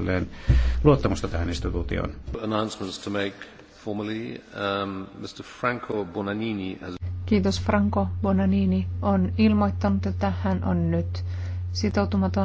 edelleen luottamusta tähän instituutioon. Um, Kiitos Franco Bonanini on ilmoittanut, että hän on nyt sitoutumaton